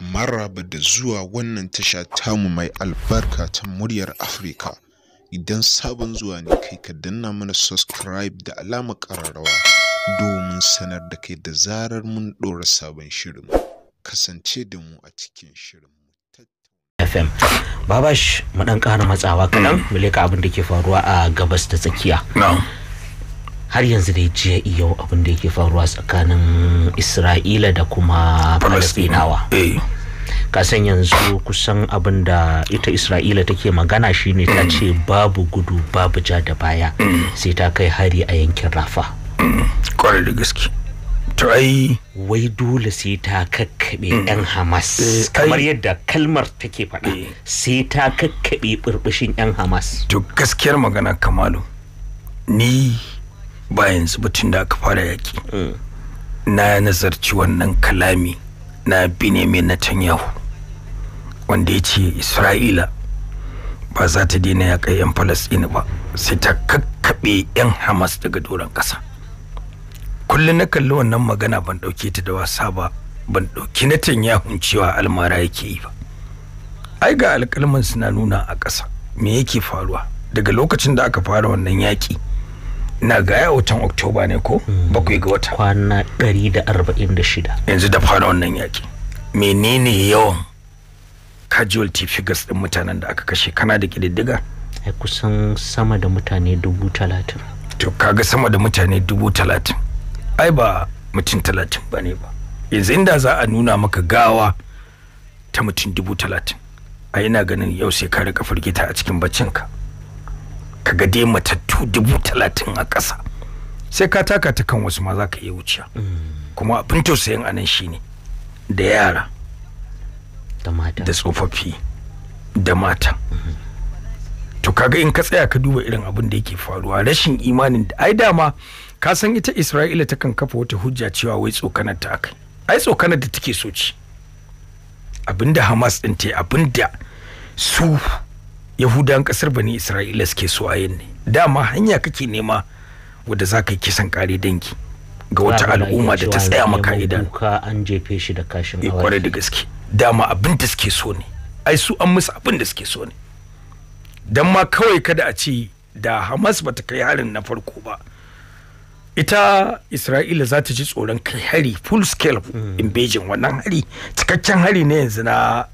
maraba da zuwa wannan tasha tamu mai albarka ta muryar Afirka. Idan sabon zuwa ne kai ka danna mana subscribe da alama kararrawa domin sanar da kai da zarar mun ɗora sabon shirin. Kasance da mu a cikin shirin. FM. Babash mu ɗan ƙara matsawa kaɗan mu leka abin da ke faruwa a gabas da tsakiya. har yanzu da jiya yau abin da yake faruwa tsakanin isra'ila da kuma palestinawa eh. kasan yanzu kusan abin da ita isra'ila take magana shine ta mm. ce babu gudu babu ja da baya mm. sai ta kai hari a yankin rafa mm. kwarai da gaske ai wai dole sai ta kakkaɓe yan hamas eh, kamar yadda kalmar take faɗa eh. sai ta kakkaɓe burbushin yan hamas to gaskiyar magana kamalu ni ba yanzu ba tun da aka fara yaki na nazarci wannan kalami na Benjamin Netanyahu wanda ya ce Isra'ila ba za ta daina yaƙa 'yan Falasɗini ba sai ta kakkaɓe 'yan Hamas daga doron ƙasa. Kullum na kalli wannan magana ban ɗauke ta da wasa ba ban ɗauki Netanyahu cewa almara yake yi ba. Ai ga alƙalman suna nuna a ƙasa me yake faruwa daga lokacin da aka fara wannan yaƙi. na gaya watan oktoba ne ko hmm. bakwai ga wata kwana 146 yanzu da fara wannan yaki menene yawan casualty figures din mutanen da aka kashe kana da kididdiga ai kusan sama da mutane dubu talatin to kaga sama da mutane dubu talatin ai ba mutum talatin ba ba yanzu inda za a nuna maka gawa ta mutum dubu talatin a yana ganin yau sai ka rika firgita a cikin baccin ka. kaga dai matattu dubu talatin a ƙasa sai ka taka ta kan wasu ma za ka iya wuciya kuma abin tausayin anan shine da yara da tsofaffi da mata to kaga in ka tsaya ka duba irin abin da yake faruwa rashin imanin da ai dama ka san ita isra'ila ta kan kafa wata hujja cewa wai tsokanar ta akai ai tsokanar da take so ci abinda hamas din ta abinda su yahudan kasar bani isra'ila suke so a yin ne dama hanya kake nema wanda za ka yi kisan kare dangi ga wata al'umma da ta tsaya maka idan an jefe shi da kashin awaki eh, kwarai da gaske dama abin da suke so ne ai su an musu abin da suke so ne dan ma kawai kada a ce da hamas bata kai harin na farko ba ita isra'ila za ta ji tsoron kai hari full scale hmm. invasion wannan hari cikakken hari ne yanzu na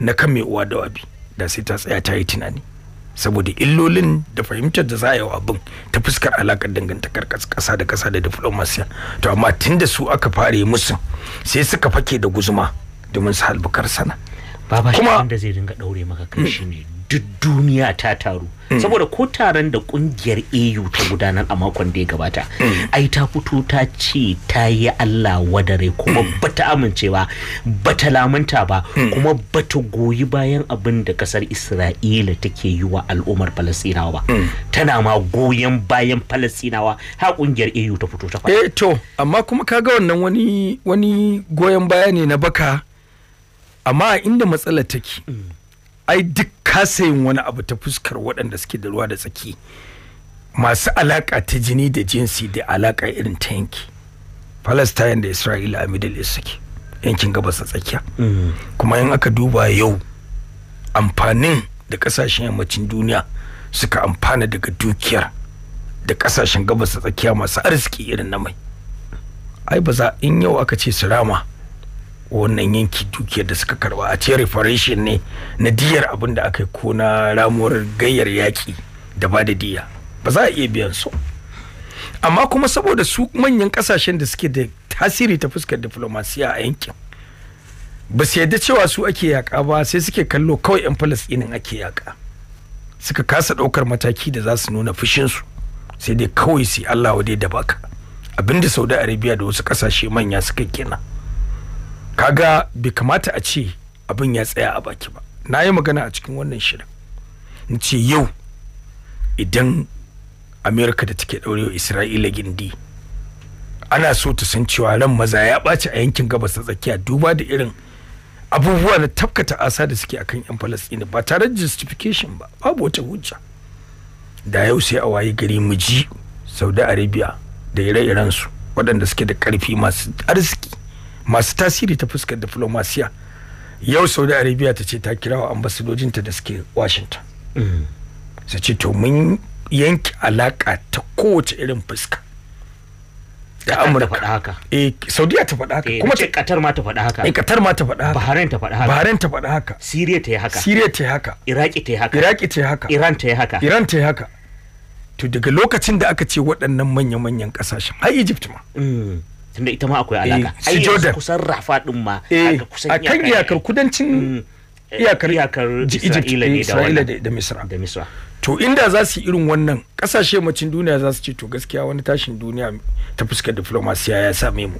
na kan mai uwa da wabi da sai ta tsaya ta yi tunani saboda illolin da fahimtar da za a yi wa abin ta fuskar alakar dangantakar kasa da kasa da diflomasiya to amma tun da su aka fara musu sai suka fake da guzuma domin su halbukar sana kuma da zai dinga daure maka kai hmm. ne duk duniya ta taru mm. saboda ko taron da kungiyar au ta gudanar a makon da ya gabata mm. ai ta fito ta ce ta yi allah wadare kuma mm. bata amincewa bata lamunta ba kuma bata goyi bayan abin da kasar isra'ila take yi wa al'ummar falasinawa ba tana ma goyon bayan falasinawa ha kungiyar au ta fito ta faɗa. Eh, to amma kuma kaga wannan wani wani goyon baya ne na baka amma inda matsalar take ai duk kasayin wani abu ta fuskar waɗanda suke da ruwa da tsaki masu alaƙa ta jini da jinsi da alaƙa irin ta yanki palestine da isra'ila a middle east suke yankin gabas tsakiya mm. kuma in aka duba yau amfanin da ƙasashen yammacin duniya suka amfana daga dukiyar da ƙasashen gabas tsakiya masu arziki irin na mai ai ba za in yau aka ce su rama wannan yanki dukiyar da suka karba a ce reparation ne na diyar abin da aka yi ko na ramuwar gayyar yaƙi da ba da diya ba za a iya biyan su amma kuma saboda su manyan kasashen da suke da tasiri ta fuskar diplomasiya a yankin ba su yadda cewa su ake yaƙa ba sai suke kallo kawai 'yan falastinin ake yaƙa suka kasa ɗaukar mataki da za su nuna fushinsu sai dai kawai su allah wade da baka abinda saudi arabia da wasu ƙasashe manya suka kenan kaga bai kamata a ce abin ya tsaya a baki ba na yi magana a cikin wannan shirin in ce yau idan amerika da take ɗaurewa isra'ila gindi ana so ta san cewa ran maza ya ɓaci a yankin gabas ta tsakiya duba da irin abubuwa da tafkata asa da suke akan yan falastini ba tare da justification ba babu wata hujja da yau sai a waye gari mu ji saudi arabia da ire iren su waɗanda suke da ƙarfi masu arziki masu tasiri ta fuskar diplomasiya yau saudi arabia ta ce ta kirawa ambasadojinta da suke washington mm. su ce to mun yanke alaka ta kowace irin fuska da amurka haka eh, saudiya ta faɗa haka eh, kuma qatar ma ta faɗa haka eh ma ta faɗa haka bahrain ta faɗa haka bahrain ta faɗa haka syria ta yi haka syria ta yi haka iraki ta yi haka iraki ta yi haka iran ta yi haka iran ta yi haka to daga lokacin da aka ce waɗannan manya-manyan ƙasashen har egypt ma mm. tunda ita ma akwai eh, alaka ai Jordan kusan Rafa din ma eh, a kan iyakar kudancin mm. eh, iyakar iyakar Isra'ila da Misra da Misra to inda za su irin wannan kasashe macin duniya za su ce to gaskiya wani tashin duniya ta fuskar diplomasiya ya same mu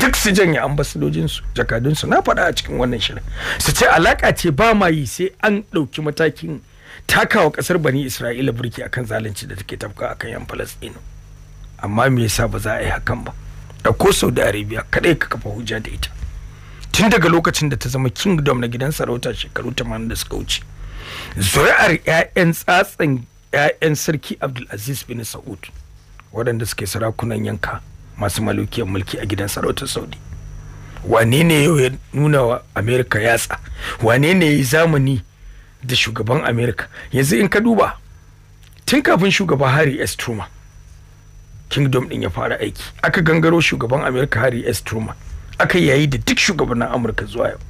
duk su janye ambasadojinsu jakadunsu na faɗa a cikin wannan shirin su ce alaka ce ba ma yi sai an ɗauki matakin takawa ƙasar bani isra'ila birki akan zalunci da take tafka akan yan falastinu amma me yasa ba za a yi hakan ba ko saudi arabia kada ka kafa hujja da ita tun daga lokacin da ta zama kingdom na gidan sarauta shekaru 80 da suka wuce zuri'ar 'ya'yan tsatsan 'ya'yan sarki abdulaziz bin sa'ud waɗanda suke sarakunan yanka masu malukiyar mulki a gidan sarautar saudi wane ne yau ya nuna wa amerika yatsa wane ne ya zamani da shugaban amerika yanzu in ka duba tun kafin shugaba hari s truman kingdom din ya fara aiki aka gangaro shugaban america harry s truman aka yayi da duk shugabannin amurka zuwa yau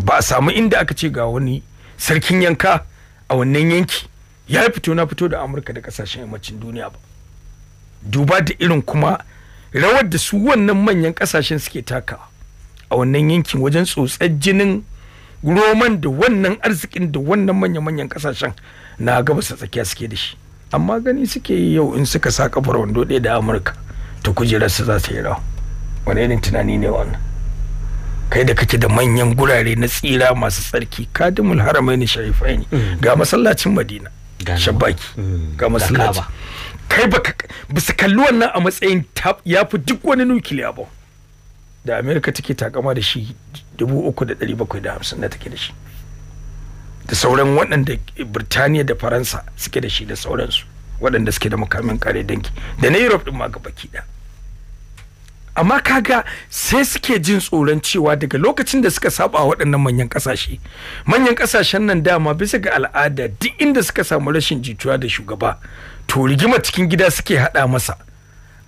ba a samu inda aka ce ga wani sarkin yanka a wannan yanki ya fito na fito da amurka da kasashen yammacin duniya ba duba da irin kuma rawar da su wannan manyan kasashen suke taka a wannan yankin wajen tsotsar jinin roman da wannan arzikin da wannan manya-manyan kasashen na gabasa tsakiya suke da shi amma gani suke yi yau in suka sa kafar wando ɗaya da amurka ta kujerar su za su yi rawa wani irin tunani ne wannan kai da kake da manyan gurare na tsira masu tsarki kadimul haramai ne sharifai ne mm. ga masallacin madina shabaki mm. ga masallaci kai ba bisa kalli wannan a matsayin ya fi duk wani nukiliya ba da amerika take takama da shi 3,750 da take da shi da sauran waɗanda birtaniya da faransa suke da shi da sauransu waɗanda suke da makamin kare danki da na europe din ma gaba ɗaya amma kaga sai suke jin tsoron cewa daga lokacin da suka saba waɗannan manyan ƙasashe manyan ƙasashen nan dama bisa ga al'ada duk inda suka samu rashin jituwa da shugaba to rigima cikin gida suke haɗa masa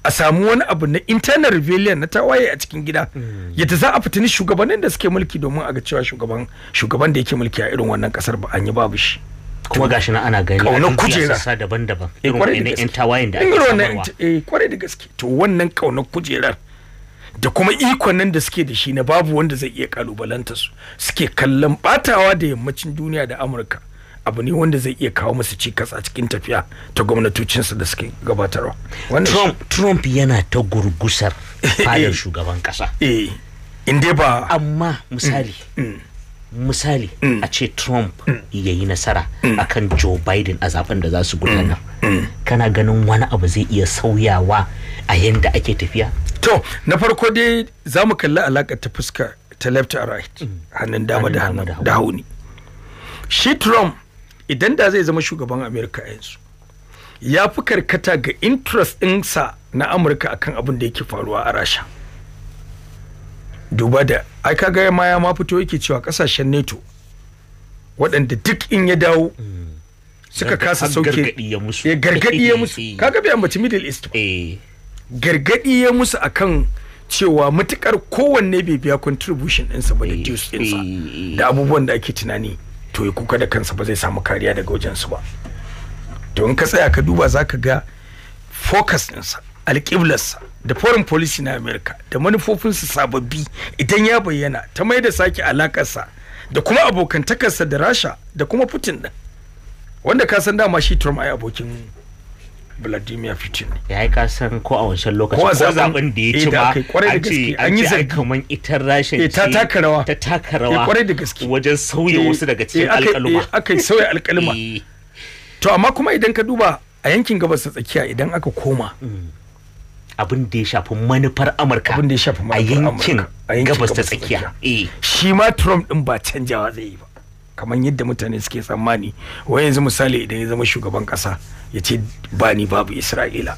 a samu wani abu na internal rebellion na tawaye a cikin gida hmm. yadda za a fitini shugabannin da suke mulki domin a ga cewa shugaban shugaban da yake mulki a irin wannan kasar ba an yi babu shi kuma gashi nan ana gani a kujera sassa daban-daban eh, irin wani yan tawayen da ake samarwa eh kwarai da gaske to wannan kaunar kujerar da kuma ikon nan da suke da shi na babu wanda zai iya kalubalanta su suke kallon batawa da yammacin duniya da Amurka abu ne wanda zai iya kawo musu cikas a cikin tafiya ta gwamnatocinsu da suke gabatarwa trump trump yana ta gurgusar fadar eh. shugaban kasa eh in ba amma misali mm, mm. misali mm. a ce trump ya yi nasara akan joe biden a zaben da za su gudanar kana ganin wani abu zai iya sauyawa a yadda ake tafiya to na farko dai za mu kalli alaƙa ta fuska ta left a right hannun dama da hannun da hauni shi trump idan da zai zama shugaban amerika yanzu ya fi karkata ga interest ɗinsa na amurka akan abin da yake faruwa a rasha duba da ai kaga ma ya ma fito yake cewa kasashen neto waɗanda duk in ya dawo mm. suka kasa sauke gargadi ya musu eh, eh. kaga bai mace middle east ba eh. gargadi ya musu akan cewa matukar kowanne bai biya contribution ɗinsa ba da dues ɗinsa da abubuwan da ake tunani to ya kuka da kansa ba zai samu kariya daga wajensu ba to in ka tsaya ka duba za ka ga focus ɗinsa alƙiblarsa da foreign policy na america da manufofinsa sababbi idan ya bayyana ta mai da sake alakarsa da kuma abokantakarsa da rasha da kuma putin ɗin wanda ka san dama shi trump ai abokin Vladimir Putin ya yi kasan ko a wancan lokacin ko zaben da ya ci ba eh, a ce an yi zai kaman ita rashin eh, ce ta taka rawa ta taka eh, rawa kwarai da gaske wajen sauya wasu daga cikin alƙaluma aka sauya alƙaluma to amma kuma idan ka duba a yankin gabas ta tsakiya idan aka koma hmm. abin da ya shafi manufar Amurka a yankin gabas ta tsakiya shi ma Trump din ba canjawa zai yi ba kamar yadda mutane suke tsammani wai yanzu misali idan ya zama shugaban kasa ya ce ba ni babu isra'ila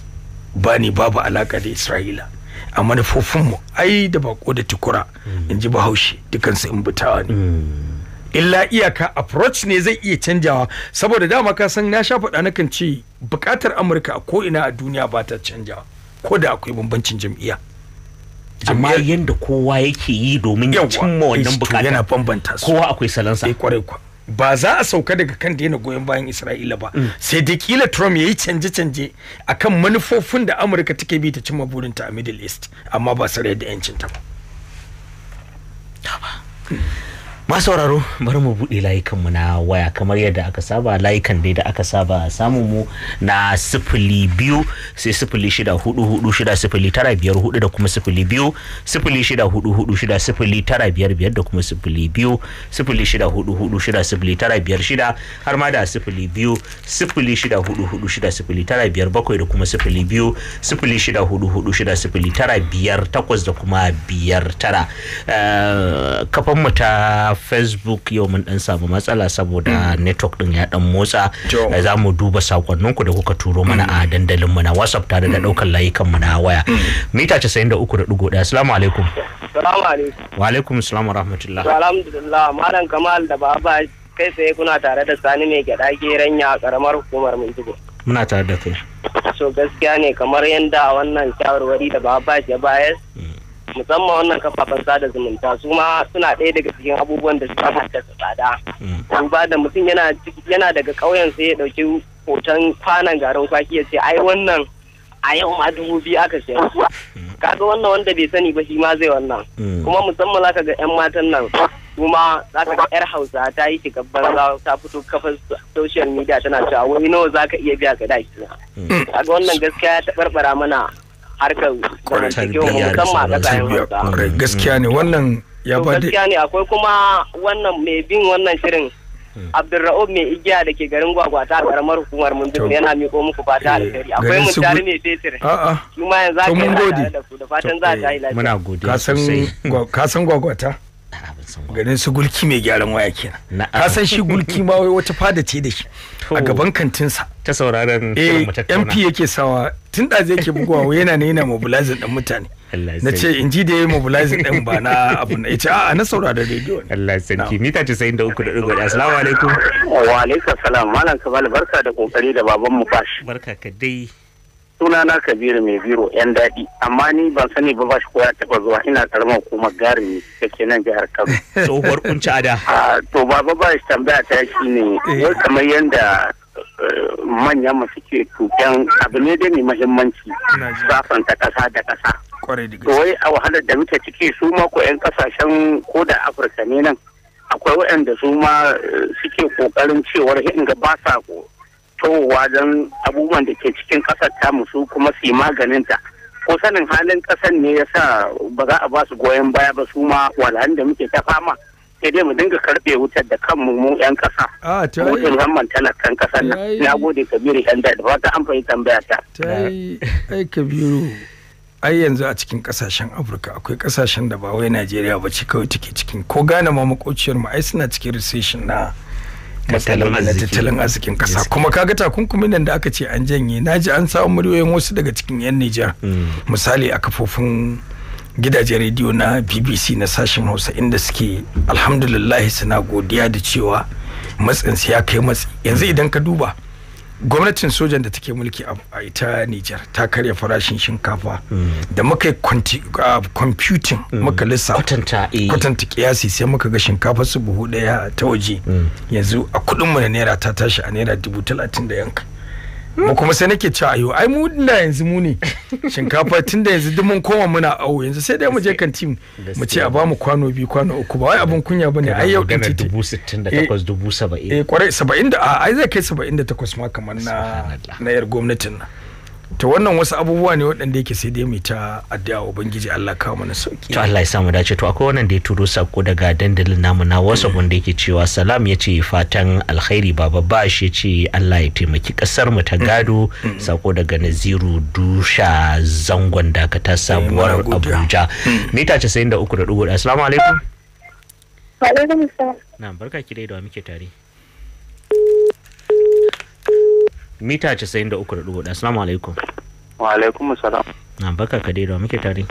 ba ni babu alaka da isra'ila a manufofinmu ai da bako da tukura in ji bahaushe dukansu in bitawa ne hmm. illa iyaka approach ne zai iya canjawa saboda dama ka san na sha faɗa nakan ce buƙatar amurka a ko'ina a duniya ba ta canjawa ko da akwai bambancin jam'iyya amma yanda kowa yake yi domin ya cimma eh, wannan bukata yana bambanta su kowa akwai salansa eh kwarai kwa ba za a sauka daga kan daina goyon bayan Isra'ila ba mm. sai da kila Trump yayi canje canje akan manufofin da Amurka take bi ta cimma burinta a Middle East amma ba sare da yancin ta ba masu sauraro bari mu buɗe layukanmu na waya kamar yadda aka saba layukan dai da aka saba samun mu na sifili biyu sai sifili shida hudu hudu shida sifili tara biyar hudu da kuma sifili biyu sifili shida hudu hudu shida sifili tara biyar biyar da kuma sifili biyu sifili shida hudu hudu shida sifili tara biyar shida har ma da sifili biyu sifili shida hudu hudu shida sifili tara biyar bakwai da kuma sifili biyu sifili shida hudu hudu shida sifili tara biyar takwas da kuma biyar tara eh, kafan mu ta facebook yau mun dan samu matsala saboda mm. network din ya dan motsa eh, za mu duba sakonninku da kuka turo mana a mm. dandalin mu na whatsapp tare da mm. daukar layukan mu na waya mita 93.1 assalamu alaikum assalamu alaikum wa alaikum assalam wa rahmatullah alhamdulillah malam kamal da baba kai sai kuna tare da sani mai gyada geran ya karamar hukumar Maiduguri muna tare da kai so gaskiya ne kamar yanda wannan shawarwari da baba ya bayar musamman wannan kafafen sada zumunta su ma suna ɗaya daga cikin abubuwan da suka haddasa tsada duba da mutum yana yana daga ƙauyen sai ya ɗauki hoton kwanan garin kwaki ya ce ai wannan a yau ma dubu biyu aka siya kaga wannan wanda bai sani ba shi ma zai wannan mm. kuma musamman zaka ga 'yan matan nan kuma zaka ga yar hausa ta yi shiga banza ta fito kafar social media tana cewa wani nawa zaka iya biya mm. ga daki kaga wannan gaskiya ta taɓarɓara mana harkar zamantakewa musamman a ƙasashen hausa gaskiya ne wannan ya ba gaskiya ne akwai kuma wannan mai bin wannan shirin hmm. Abdulra'ub mai igiya da ke garin gwagwata a karamar hukumar mun Mundur yana miko muku fata eh, alheri akwai mun tare mai fetur a'a kuma yanzu aka yi da ku da fatan za eh, ta yi lafiya muna godiya ka san gwagwata ganin su gulki mai gyaran waya kenan ka san shi gulki ma wai wata fada ce da shi a gaban kantinsa ta sauraron eh MP yake sawa tun da zai ke bugawa wai yana ne yana mobilizing din mutane na ce in ji da ya mobilizing din ba na abu na ita a na sauraron radio ne Allah sanki mita 93.1 assalamu alaikum wa alaikum salam malam kabal barka da kokari da baban mu barka ka dai sunana kabiru mai biro yan daɗi amma ni ban sani ba ba shi ya taɓa zuwa ina karamar kuma gari ne da ke nan jihar kano tsohuwar kunci ada ah, to ba ba shi tambaya ta shi ne eh. wai kamar yadda eh, manyan masu suke tuken abu ne da mai mahimmanci safanta ƙasa da ƙasa to wai a wahalar da muke ciki su ma ko yan kasashen ko da afirka ne nan akwai waɗanda su ma eh, suke ƙoƙarin cewar ga ba sa fitowa don abubuwan da ke cikin ƙasar ta su kuma su yi ta ko sanin halin ƙasar ne ya sa ba za a ba su goyon baya ba su ma walhan da muke ta fama sai dai mu dinga karbe wutar da kanmu mu 'yan ƙasa. ko ta yi. talakan ƙasar nan. Na gode Kabiru yan da ba an amfani tambaya ta. ai yanzu a cikin kasashen afirka akwai kasashen da ba wai najeriya ba ce kawai take cikin ko gane ma makociyar mu ai suna cikin recession na tattalin arzikin kasa kuma kaga takunkumin nan da aka ce an janye naji an samu muryoyin wasu daga cikin yan Nijar hmm. misali a kafofin gidajen rediyo na BBC na sashen Hausa inda suke alhamdulillah suna godiya da cewa matsin ya kai matsi yanzu idan ka duba gwamnatin sojan da take mulki a ita Nijar ta karya farashin shinkafa da muka yi computing mm. muka lissa eh. kwatanta kiyasi sai muka ga shinkafa su buhu daya ta waje mm. yanzu a kudin mu na naira ta tashi a naira dubu talatin da yanka mu kuma sai nake cewa ayo ai mu da yanzu mu ne shinkafa tun da yanzu duk mun koma muna awo yanzu sai dai mu je kantin mu ce a ba mu kwano biyu kwano uku ba wai abin kunya bane ai yau din titi dubu sittin dubu eh, eh kwarai 70 da ai zai kai saba'in da takwas ma kamar na na yar gwamnatin nan to wannan wasu abubuwa ne waɗanda yake sai dai mai ta addu'a ubangiji Allah kawo mana sauki to Allah ya samu dace to akwai wannan da ya turo sako daga dandalin namu na WhatsApp wanda yake cewa salam yace fatan alkhairi baba bash yace Allah ya taimaki kasar mu ta mm, gado mm, mm. sako daga Naziru Dusha zangon dakata eh, sabuwar Abuja mita 93.1 assalamu alaikum wa alaikum assalam na barka ki dai da muke tare mita 93.1 assalamu alaikum wa alaikum assalam na baka kadira muke tare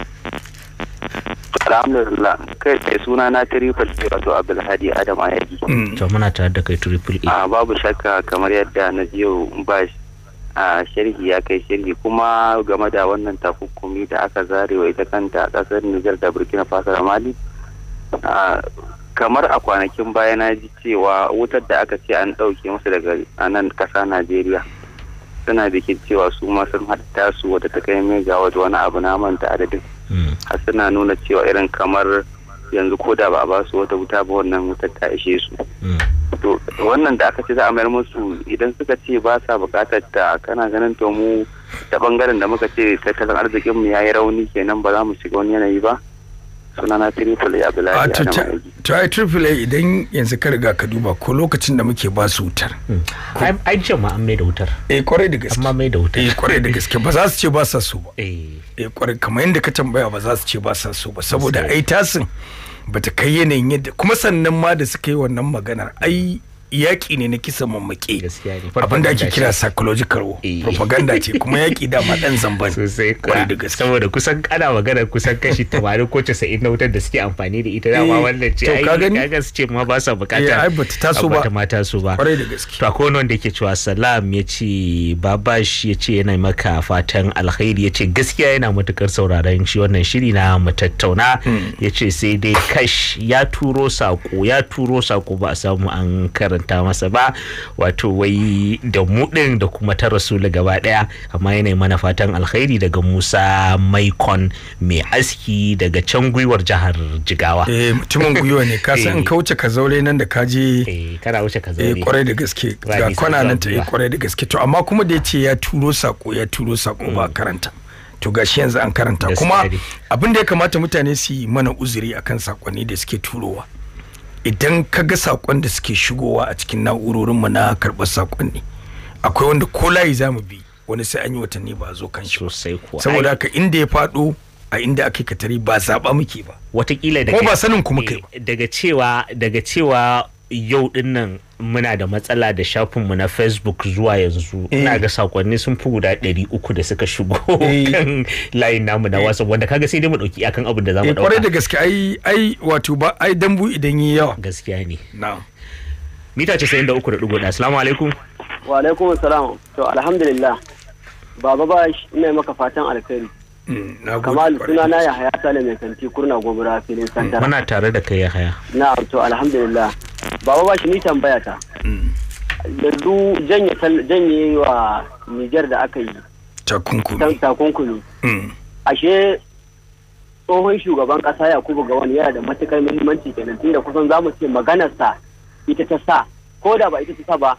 alhamdulillah kai kai suna na triple a wato abdulhadi adam ayagi mm. to muna tare da kai triple a babu shakka kamar yadda na jiyo ba a sharhi ya kai sharhi kuma game da wannan takunkumi da aka zarewa ita kanta kasar Niger da Burkina Faso da Mali kamar a kwanakin baya na ji cewa wutar da aka ce an ɗauke masa daga nan ƙasa Najeriya suna bikin cewa su ma sun hada su wata ta kai wata wani abu na manta adadin hmm. a suna nuna cewa irin kamar yanzu ko da ba a ba su wata wuta ba wannan wutar ta ishe su hmm. to wannan da aka ce za a mayar musu idan suka ce ba sa bukatar ta kana ganin to mu ta bangaren da muka ce tattalin arzikin mu yayi rauni kenan ba za mu shiga wani yanayi ba sunana Tripoli Abdullahi ah, a to ai Tripoli idan yanzu ka riga ka duba ko lokacin da muke ba su wutar hmm. ai an mai da wutar eh kwarai da gaske amma mai da wutar eh kwarai da gaske ba za su ce ba sa so ba eh, eh kwarai kamar yadda ka tambaya ba za su ce ba sa so ba saboda ai tasin bata kai yanayin yadda kuma sannan ma da suka yi wannan maganar ai yaƙi ne na kisa mamaki abinda ake kira psychological eh. propaganda ce kuma yaƙi da ma dan zamban sosai da gaske saboda kusan kana magana kusan kashi 80 ko 90 na wutar da suke amfani da ita dama eh. wannan ce ai kaga su ce ma ba sa bukata eh, ai ta so ba bata ma taso ba kwarai da gaske to akwai wanda yake cewa salam yace babash ce yana maka fatan alkhairi ya ce gaskiya yana matukar sauraron shi wannan shiri na mu tattauna hmm. ce sai dai kash ya turo sako ya turo sako ba a samu an karanta faranta masa ba wato wai da mu da kuma ta rasulu gaba daya amma yana mana fatan alkhairi daga Musa Maikon mai aski daga can gwiwar jihar Jigawa eh mutumin gwiwa ne ka san eh. ka wuce ka zaure nan da ka je eh kana wuce ka zaure eh kwarai da gaske ga kwana nan ta eh kwarai da gaske to amma kuma da yace ya turo sako ya turo sako ba mm. karanta to gashi yanzu an karanta kuma abin da ya kamata mutane su yi mana uzuri akan sakonni da suke turowa idan ka ga sakon da suke shigowa a cikin na'urorinmu na karɓar sakonni akwai wanda ko layi za mu bi wani sai an yi watanni ba a zo kan shi saboda haka inda ya faɗo a inda aka katari ba zaɓa muke ba watakila daga ba sanin eh, daga cewa daga cewa yau din nan muna da matsala da shafinmu na facebook zuwa yanzu eh. ina ga sakonni sun fi guda ɗari uku da suka shigo kan eh. layin namu na eh. wasan wanda kaga sai dai mu ɗauki akan abin da za mu ɗauka kwarai da gaske ai ai wato ba ai dambu idan yi yawa gaskiya ne da uku da mita da assalamu alaikum wa alaikum assalam to alhamdulillah baba ba ina maka fatan alkhairi kamalu mm, suna na yahaya sale mai kanti kurna gobara filin santa muna tare da kai haya. na to alhamdulillah baba ba shi ni tambaya ta yanzu mm. janye wa nijar da aka yi takunkumi mm. ashe tsohon shugaban kasa yakubu wani yana da matukar muhimmanci kenan tunda kusan za mu ce maganarsa ita ta sa ko da ba ita ta sa ba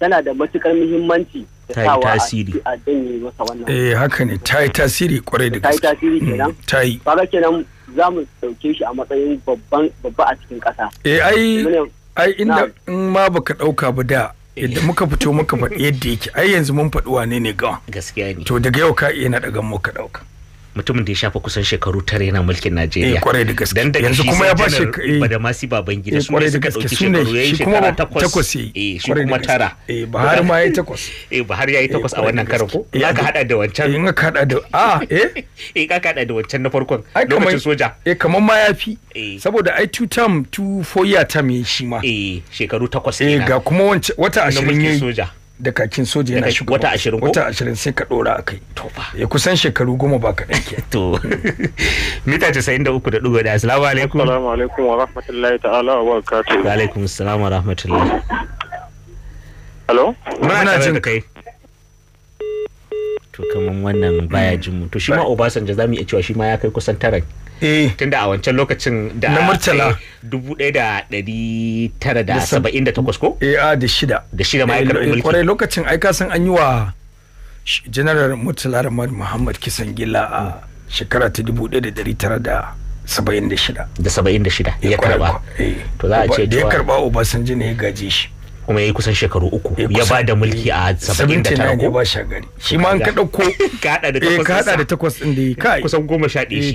tana da matukar muhimmanci ta yi tasiri a janye masa wannan eh haka ne ta yi tasiri kwarai da gaske ta yi tasiri mm, kenan ta yi kenan za mu dauke shi a matsayin babban babba a cikin kasa eh ai ai inda in ma baka dauka ba da yadda muka fito muka faɗi yadda yake ai yanzu mun faɗi wane ne gawa gaskiya ne to daga yau ka iya na mu ka dauka mutumin da ya shafa kusan shekaru tare yana mulkin Najeriya. Eh, kwarai da gaske. Dan daga shi kuma ya ba shi eh, bada masu baban gida eh, su ne suka dauki shekaru yayi shekara takwas. Eh shi kuma tara. Eh Buhari ma yayi takwas. Eh Buhari yayi takwas a wannan karin ko? Ya ka hada da wancan. In ka hada da a ah, eh eh ka hada da wancan na farkon lokacin soja. Eh kamar ma fi. Saboda ai two term two four year term yayi shi ma. Eh shekaru takwas. Eh ga kuma wancan wata 20 yayi. soja. da kakin soja yana shigo wata ashirin wata ashirin sai ka dora a kai ya kusan shekaru goma ba kaɗan ke to mita casa'in da uku da ɗigo da asalamu alaikum assalamu alaikum wa rahmatullahi ta'ala wa barakatuhu wa alaikum assalam wa rahmatullahi hello muna jin kai to kaman wannan baya jin mu to shi ma obasanjo zamu iya cewa shi ma ya kai kusan taran Eh. tunda a wancan lokacin da na murtala dubu ɗaya da ɗari tara da saba'in da takwas ko? Eh, a da shida da shida ma ya eh, mulki kwarai lokacin aika ka san an yi wa general murtala ramar muhammad kisan Gila a shekara ta dubu ɗaya da ɗari tara da saba'in da shida da saba'in da shida ya karɓa to za a ce da ya karɓa obasanjo ne ya gaje shi kuma ya yi kusan shekaru uku ya ba da mulki a 79 ko ba shagari shi ma an ka dauko ka hada da eh, takwas ka hada da takwas din da kai kusan goma sha ɗaya eh, shi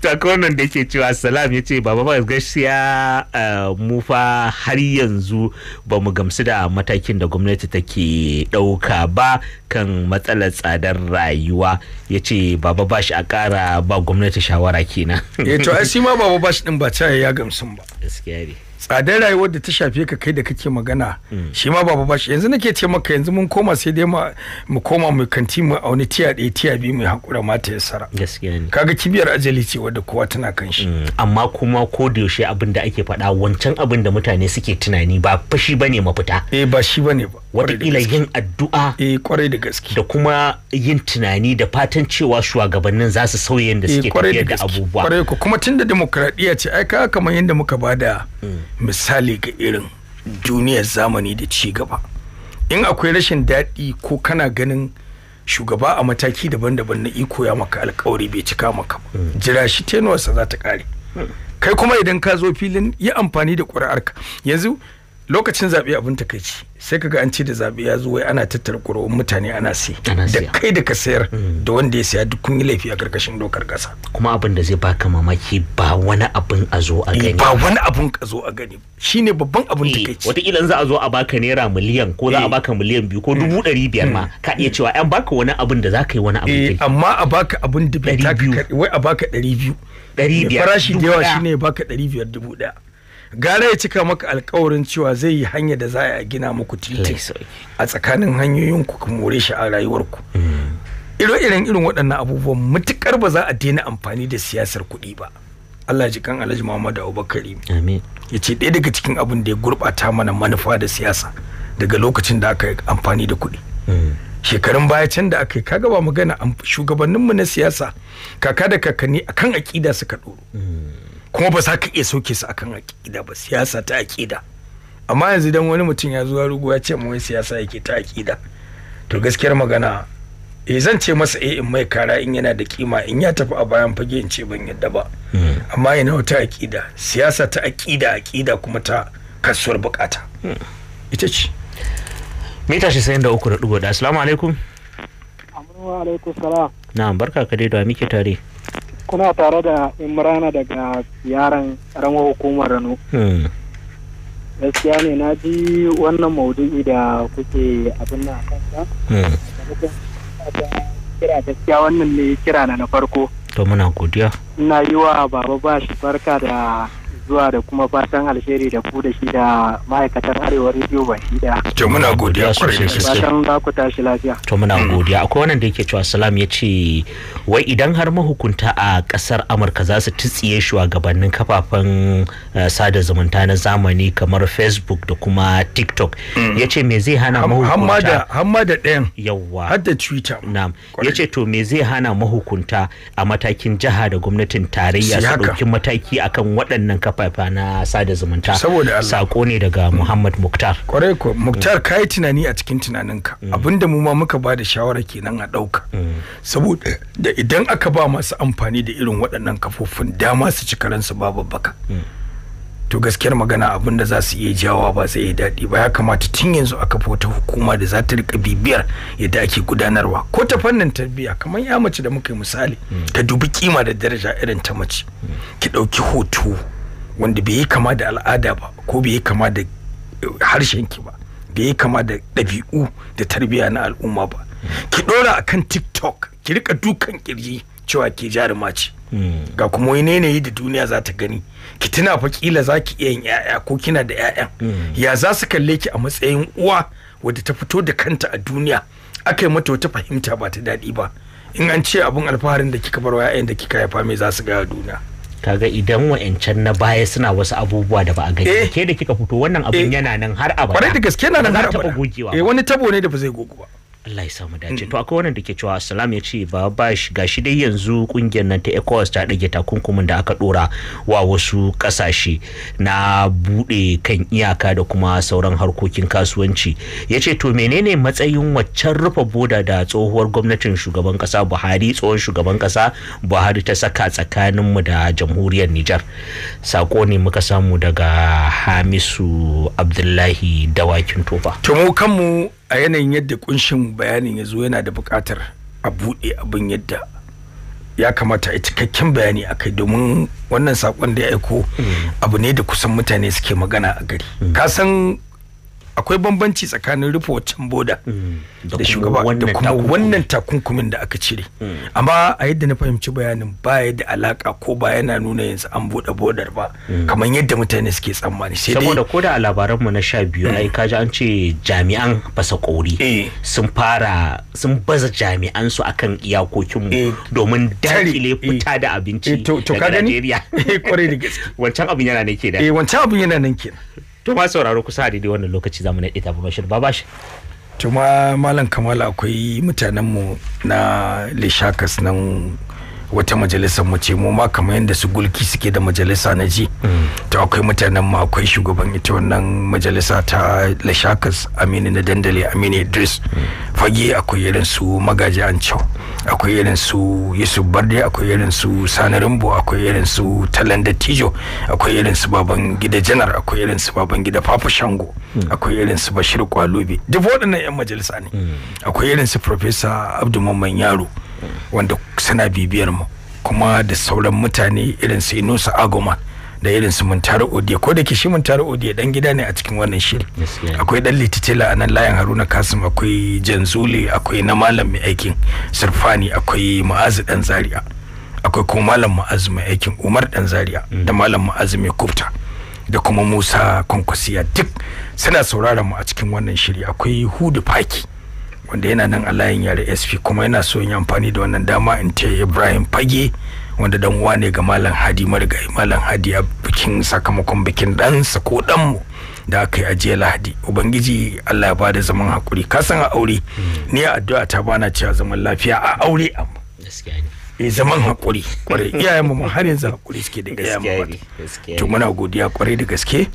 ta wannan da yake cewa salam ya ce baba ba gaskiya eh, mu fa har yanzu ba mu gamsu da matakin da gwamnati take ɗauka ba kan matsalar tsadar rayuwa ya ce baba ba shi a ƙara ba gwamnati shawara kenan. ya to ai shi ma baba ba shi ɗin ba ya gamsun ba. gaskiya ne. tsadar rayuwar da ta shafe ka kai da kake magana mm. shi ma babu bashi yanzu nake ce maka yanzu mun koma sai dai mu koma mu kanti mu auni tiya ɗaya tiya biyu mu hakura mata ya sara kaga kibiyar ajali ce wadda kowa tana kan shi mm. amma kuma ko da yaushe abin da ake faɗa wancan abin da mutane suke tunani ba fashi bane mafita eh ba shi bane ba wataƙila yin addu'a eh kwarai da gaske da kuma yin tunani da fatan cewa shugabannin za su sauya yadda eh, suke tafiyar da abubuwa kwarai kuma tunda demokradiyya ce ai kaga kamar yadda muka bada mm. misali ga irin duniyar zamani da ci gaba in akwai rashin daɗi ko kana ganin shugaba a mataki daban-daban na iko ya maka alkawari bai cika maka ba hmm. jira shi tenuwarsa za ta kare hmm. kai kuma idan ka zo filin yi amfani da ƙuri'arka yanzu lokacin zaɓe abin takaici sai kaga an ce da zaɓe ya zo wai ana tattara ƙuri'un mutane ana sai da kai da ka sayar hmm. da wanda ya saya duk kun yi laifi a karkashin dokar ƙasa kuma abin da zai baka mamaki ba wani abin a zo a eh, gani ba wani abin a zo a gani shine babban abin eh, takaici wataƙila za a zo a baka naira miliyan ko za a eh. baka miliyan biyu ko hmm. dubu ɗari biyar ma hmm. ka iya cewa an baka wani abin da za ka yi wani abin amma a baka abin da bai taka wai a baka ɗari biyu ɗari biyar farashi da yawa shine ya baka ɗari biyar dubu ɗaya gara ya cika maka alkawarin cewa zai yi hanya da za a gina muku titi a tsakanin hanyoyin ku ku more shi a rayuwarku hmm. ire-iren irin waɗannan abubuwan matuƙar ba za a daina amfani da siyasar kuɗi ba Allah ji kan Alhaji Muhammad Abubakari ya ce ɗaya daga cikin abin da ya gurɓata mana manufa da siyasa daga lokacin da aka amfani da kuɗi hmm. shekarun baya can da aka yi kaga ba magana shugabanninmu na siyasa kaka da kakanni akan aƙida suka ɗoro hmm. kuma ba za ka iya sauke su akan aƙida ba siyasa ta aƙida amma yanzu dan wani mutum ya zo ya rugu ya ce mu wai siyasa yake ta akida to gaskiyar magana e zan ce masa eh in mai kara in yana da kima in ya tafi a bayan fage in ce ban yadda ba hmm. amma ina wata aƙida siyasa ta aƙida aƙida kuma ta kasuwar bukata hmm. ita ce mita shi sayan da uku da dubu da assalamu alaikum alaikum salam na barka ka dai da muke tare kuna tare da imrana daga yaran ramar hukumar rano hmm. gaskiya ne na ji wannan maudu'i da kuke abin na kanta hmm. kira gaskiya wannan ne kira na na farko to muna godiya ina yi wa baba bashi barka da zuwa da kuma fatan alheri da ku da shi da ma'aikatar arewa rediyo ba shi da to muna godiya kwarai da gaske fatan ba ku tashi lafiya to muna godiya akwai wannan da yake cewa salam ya ce wai idan har mahukunta a kasar amurka za su tutsiye shugabannin kafafen eh, sada zumunta na zamani kamar facebook da kuma tiktok mm. ya ce me zai hana mahukunta hamma da ɗayan yawwa har da twitter na'am ya ce to me zai hana mahukunta a matakin jiha da gwamnatin tarayya su ɗauki mataki akan waɗannan kafafen kafafa na sada zumunta saboda sako ne daga Muhammad Muktar kwarai ko Muktar kai tunani a cikin tunaninka mm. abinda mu ma muka bada shawara kenan a dauka mm. saboda idan aka ba masu amfani da irin waɗannan kafofin dama su ci karansu babu baka mm. to gaskiyar magana abin da za su iya jawa ba sai ya daɗi ba ya kamata tun yanzu aka fota wata hukuma da za ta rika bibiyar yadda ake gudanarwa ko ta fannin tarbiyya kamar ya mace da muka yi misali ta dubi kima da daraja irin ta mace ki ɗauki hoto wanda bai yi kama da al'ada ba ko bai yi kama da eh, harshenki ba bai yi kama da ɗabi'u da tarbiyya na al'umma ba ki ɗora a kan tiktok ki rika dukan kirji cewa ke jaruma ce hmm. ga kuma wani yanayi da duniya za ta gani ki tuna fa kila za ki iya yin 'ya'ya ko kina da 'ya'yan hmm. ya za su kalle ki a matsayin uwa wadda ta fito da kanta a duniya aka yi mata wata fahimta ba ta daɗi ba in an ce abin alfaharin da kika bar wa 'ya'yan da kika haifa me za su gaya duniya kaga idan wa'ancan na baya suna wasu abubuwa da ba a gani eh. ke da kika fito wannan abin eh. yana nan har abada kwarai da gaske yana nan har abada eh, wani tabo ne da ba zai gogo ba Allah ya samu dace hmm. to akwai wannan ke cewa assalam ya ce ba ba shi gashi dai yanzu kungiyar nan ta ECOWAS ta dage takunkumin da aka dora wa wasu kasashe na bude kan iyaka da kuma sauran harkokin kasuwanci yace to menene matsayin waccan rufe boda da tsohuwar gwamnatin shugaban kasa Buhari tsohon shugaban kasa Buhari ta saka tsakanin mu da jamhuriyar Nijar sako ne muka samu daga Hamisu Abdullahi Dawakin Tofa to mu kanmu a yanayin yadda kunshin bayanin ya zo yana da buƙatar a buɗe abin yadda ya kamata a cikakken bayani a kai domin wannan sakon da ya aiko mm. abu ne da kusan mutane suke magana a gari mm. kasan akwai bambanci tsakanin rufe waccan boda mm. da shugaba da kuma wannan takunkumin da aka cire mm. amma a yadda na fahimci bayanin baya da alaka ko ba yana nuna yanzu an bude bodar ba mm. kamar yadda mutane suke tsammani sai dai saboda koda a labaran mu na sha biyu ai kaji an ce jami'an fasa kori eh. sun fara sun baza jami'an su akan iyakokin mu eh. domin dakile eh. fita da abinci daga nigeria. kwarai da gaske wancan abin yana nan da eh wancan abin yana nan kenan to ma sauraro kusa a daidai wannan lokaci zamu naɗe ta bashir babashi Tuma malam kamal akwai mutanenmu na lishakas nan wata majalisar mu ce mu ma kamar yadda su gulki suke da majalisa na ji mm. to akwai mutanen mu akwai shugaban ita wannan majalisa ta lashakas aminu na dandali aminu idris mm. fage akwai irin su magaji ancau akwai irin su yusuf barde akwai irin su sani Rumbo. akwai irin su talan dattijo akwai irin su baban gida janar akwai irin su baban gida papa shango mm. akwai irin su bashir kwalobe duk waɗannan yan majalisa ne akwai irin su professor abdu mamman yaro wanda suna bibiyar mu kuma da sauran mutane irin su Inusa Agoma da irin su Muntaru Odiya ko da ke shi Muntaru Odiya dan gida ne a cikin wannan shiri akwai dan Lititila a nan layin Haruna Kasim akwai Janzuli akwai na malam mai aikin Sirfani akwai Ma'azu dan Zaria akwai kuma malam Ma'azu mai aikin Umar dan Zaria mm. da malam Ma'azu mai Kufta da kuma Musa Kwankwasiya duk suna sauraron mu a cikin wannan shiri akwai Hudu Faki wanda yana nan a layin yare sp kuma yana so yin amfani da wannan dama in ce ibrahim fage wanda dan uwa ne ga malam hadi marigayi malam hadi a bikin sakamakon bikin dansa ko ɗanmu da aka yi ajiye lahadi ubangiji allah ya ba da zaman hakuri ka san a aure ni a addu'a ta bana cewa zaman lafiya a aure amma e eh, zaman hakuri kwarai iyayen mu har yanzu hakuri suke da iyayen mu to muna godiya kwarai da gaske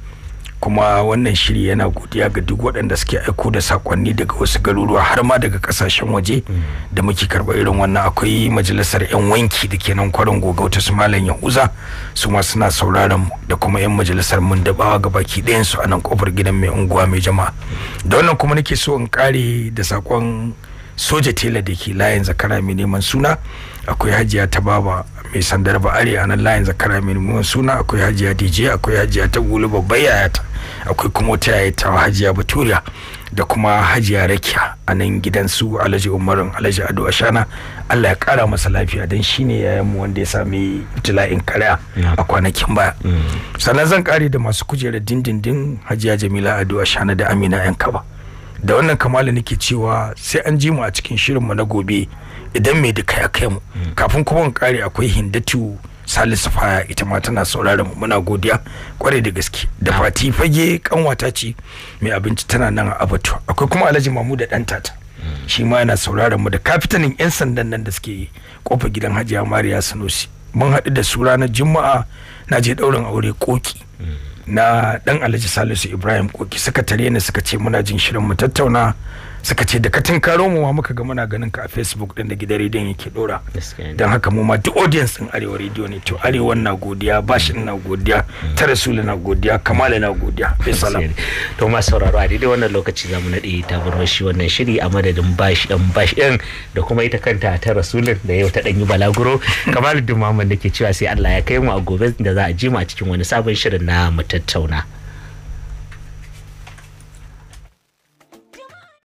kuma wannan shiri yana godiya ga duk waɗanda suke aiko da sakonni daga wasu garuruwa har ma daga kasashen waje da muke karɓa irin wannan akwai majalisar 'yan wanki da ke nan kwarin gogauta su malam yahuza su ma suna sauraron da kuma 'yan majalisar mun dabawa ga baki ɗayansu a nan kofar gidan mai unguwa mai jama'a da wannan kuma nake so in kare da sakon soja tela da ke layin zakara mai neman suna akwai hajiya ta baba mai sandar ba are a nan layin zakara mai neman suna akwai hajiya dj akwai hajiya ta gulu babbar ta. akwai kuma wata yaya ta hajiya baturiya da kuma hajiya rakiya a nan gidan su alhaji umarin alhaji ado ashana allah ya kara masa lafiya don shine yayan mu wanda ya sami in karaya a kwanakin baya mm. sannan zan kare da masu kujerar dindindin hajiya jamila ado ashana da amina yan kaba da wannan kamala nake cewa sai an ji mu a cikin shirin shirinmu na gobe idan mai duka ya kai mu kafin kuma kare akwai hindatu salisu faya ita ma tana sauraron mu muna godiya kwarai da gaske da fati fage kanwata ce mai abinci tana nan a abatu akwai kuma alhaji mamu da dan tata hmm. shi ma yana sauraron mu da kafitanin yan sandan nan da suke kofa gidan hajiya mariya sanusi mun haɗu da su ranar juma'a na je ɗaurin aure koki hmm. na dan alhaji salisu ibrahim koki suka tare ni suka ce muna jin shirin mu tattauna suka ce da ka tinkaro mu muka ga muna ganin ka a facebook din da gidan rediyon yake dora don haka mu ma duk audience din arewa rediyo ne to arewa na godiya bashi na godiya ta rasulu na godiya kamala na godiya salam to ma sauraro a daidai wannan lokaci zamu nade ta shi wannan shiri a madadin bashi dan bashi din da kuma ita kanta ta rasulun da yau ta dan yi balaguro kamar da Muhammad da ke cewa sai Allah ya kai mu a gobe da za a ji mu a cikin wani sabon shirin na mu tattauna